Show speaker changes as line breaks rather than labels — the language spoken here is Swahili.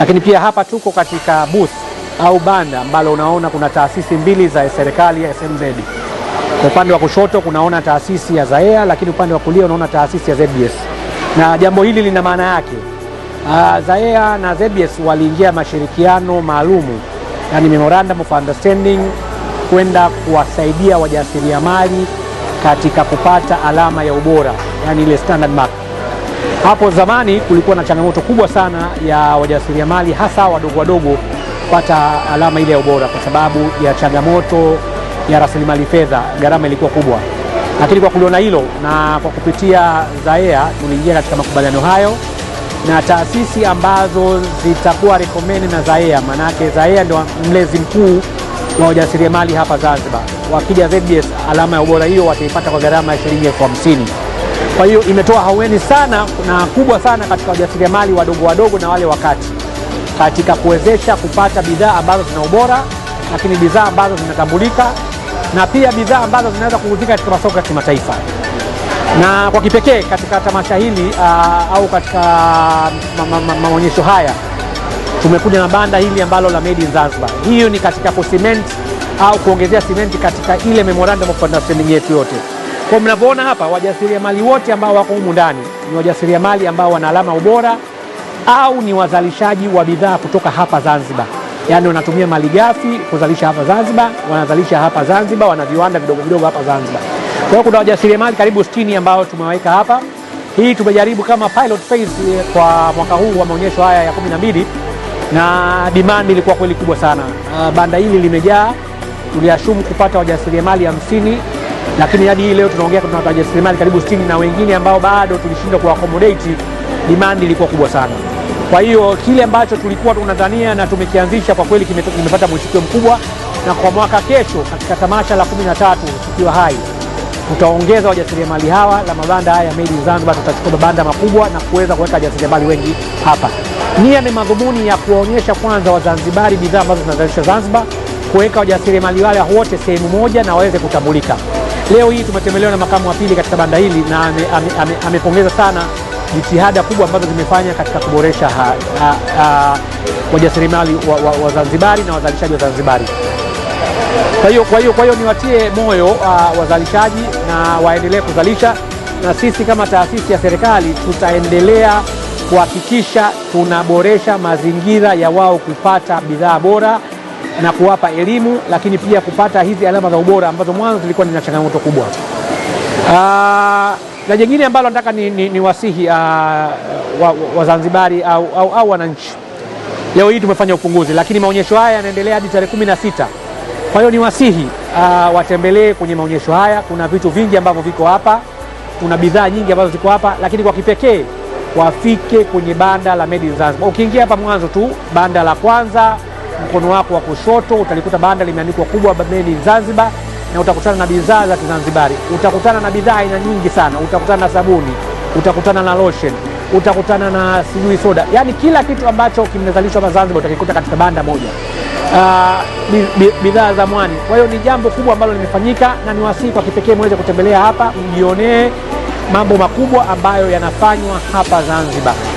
Lakini pia hapa tuko katika booth au banda ambalo unaona kuna taasisi mbili za serikali ya SMZ. Kwa upande wa kushoto kunaona taasisi ya ZAEA, lakini upande wa kulia unaona taasisi ya ZBS, na jambo hili lina maana yake. Uh, ZAEA na ZBS waliingia mashirikiano maalumu, yani memorandum of understanding kwenda kuwasaidia wajasiriamali katika kupata alama ya ubora, yani ile standard mark. Hapo zamani kulikuwa na changamoto kubwa sana ya wajasiriamali hasa wadogo wadogo kupata alama ile ya ubora kwa sababu ya changamoto ya rasilimali fedha, gharama ilikuwa kubwa. Lakini kwa kuliona hilo na kwa kupitia ZAEA tuliingia katika makubaliano hayo na taasisi ambazo zitakuwa recommended na ZAEA, maanake ZAEA ndio mlezi mkuu wa wajasiriamali hapa Zanzibar. Wakija ZBS, alama ya ubora hiyo wataipata kwa gharama ya shilingi elfu hamsini. Kwa hiyo imetoa haweni sana na kubwa sana katika wajasiriamali wadogo wadogo na wale wakati katika kuwezesha kupata bidhaa ambazo zina ubora, lakini bidhaa ambazo zinatambulika na pia bidhaa ambazo zinaweza kuuzika katika masoko ya kimataifa. Na kwa kipekee katika tamasha hili uh, au katika maonyesho haya tumekuja na banda hili ambalo la Made in Zanzibar. Hiyo ni katika kucement au kuongezea simenti katika ile memorandum of understanding yetu yote. Kwa mnavyoona hapa, wajasiriamali wote ambao wako humu ndani ni wajasiriamali ambao wana alama ubora au ni wazalishaji wa bidhaa kutoka hapa Zanzibar, yaani wanatumia mali gafi kuzalisha hapa Zanzibar, wanazalisha hapa Zanzibar, wana viwanda vidogo vidogo hapa Zanzibar. Kwa hiyo kuna wajasiriamali karibu 60 ambao tumewaweka hapa. Hii tumejaribu kama pilot phase eh, kwa mwaka huu wa maonyesho haya ya kumi na mbili na demand ilikuwa kweli kubwa sana. Ah, banda hili limejaa, tuliashumu kupata wajasiriamali hamsini, lakini hadi hii leo tunaongea tuna wajasiriamali karibu sitini na wengine ambao bado tulishindwa kuakomodate. Demand ilikuwa kubwa sana. Kwa hiyo kile ambacho tulikuwa tunadhania na tumekianzisha kwa kweli kimepata mwitikio mkubwa, na kwa mwaka kesho katika tamasha la kumi na tatu tukiwa hai tutaongeza wajasiriamali hawa na mabanda haya made Zanzibar, tutachukua mabanda makubwa na kuweza kuweka wajasiriamali wengi hapa. Nia ni madhumuni ya kuwaonyesha kwanza Wazanzibari bidhaa ambazo zinazalishwa Zanzibar, kuweka wajasiriamali wale wote sehemu moja na waweze kutambulika. Leo hii tumetembelewa na makamu wa pili katika banda hili na amepongeza ame, ame, ame sana jitihada kubwa ambazo zimefanya katika kuboresha wajasiriamali wa, wa, wa Zanzibari na wazalishaji wa Zanzibari. Kwa hiyo kwa hiyo kwa hiyo niwatie moyo uh, wazalishaji na waendelee kuzalisha, na sisi kama taasisi ya serikali tutaendelea kuhakikisha tunaboresha mazingira ya wao kupata bidhaa bora na kuwapa elimu, lakini pia kupata hizi alama za ubora ambazo mwanzo zilikuwa nina changamoto kubwa. Uh, na jingine ambalo nataka ni, ni, ni wasihi uh, Wazanzibari wa au, au, au wananchi, leo hii tumefanya ufunguzi, lakini maonyesho haya yanaendelea hadi tarehe kumi na sita. Kwa hiyo wasihi uh, ah, watembelee kwenye maonyesho haya. Kuna vitu vingi ambavyo viko hapa, kuna bidhaa nyingi ambazo ziko hapa, lakini kwa kipekee wafike kwenye banda la Made in Zanzibar. Ukiingia hapa mwanzo tu banda la kwanza, mkono wako wa kushoto utalikuta banda limeandikwa kubwa Made in Zanzibar, na utakutana na bidhaa za Kizanzibari. Utakutana na bidhaa aina nyingi sana, utakutana na sabuni, utakutana na lotion, utakutana na sijui soda, yaani kila kitu ambacho kimezalishwa hapa Zanzibar utakikuta katika banda moja uh, bidhaa za mwani. Kwa hiyo ni jambo kubwa ambalo limefanyika, na niwasihi kwa kipekee mweze kutembelea hapa mjionee mambo makubwa ambayo yanafanywa hapa Zanzibar.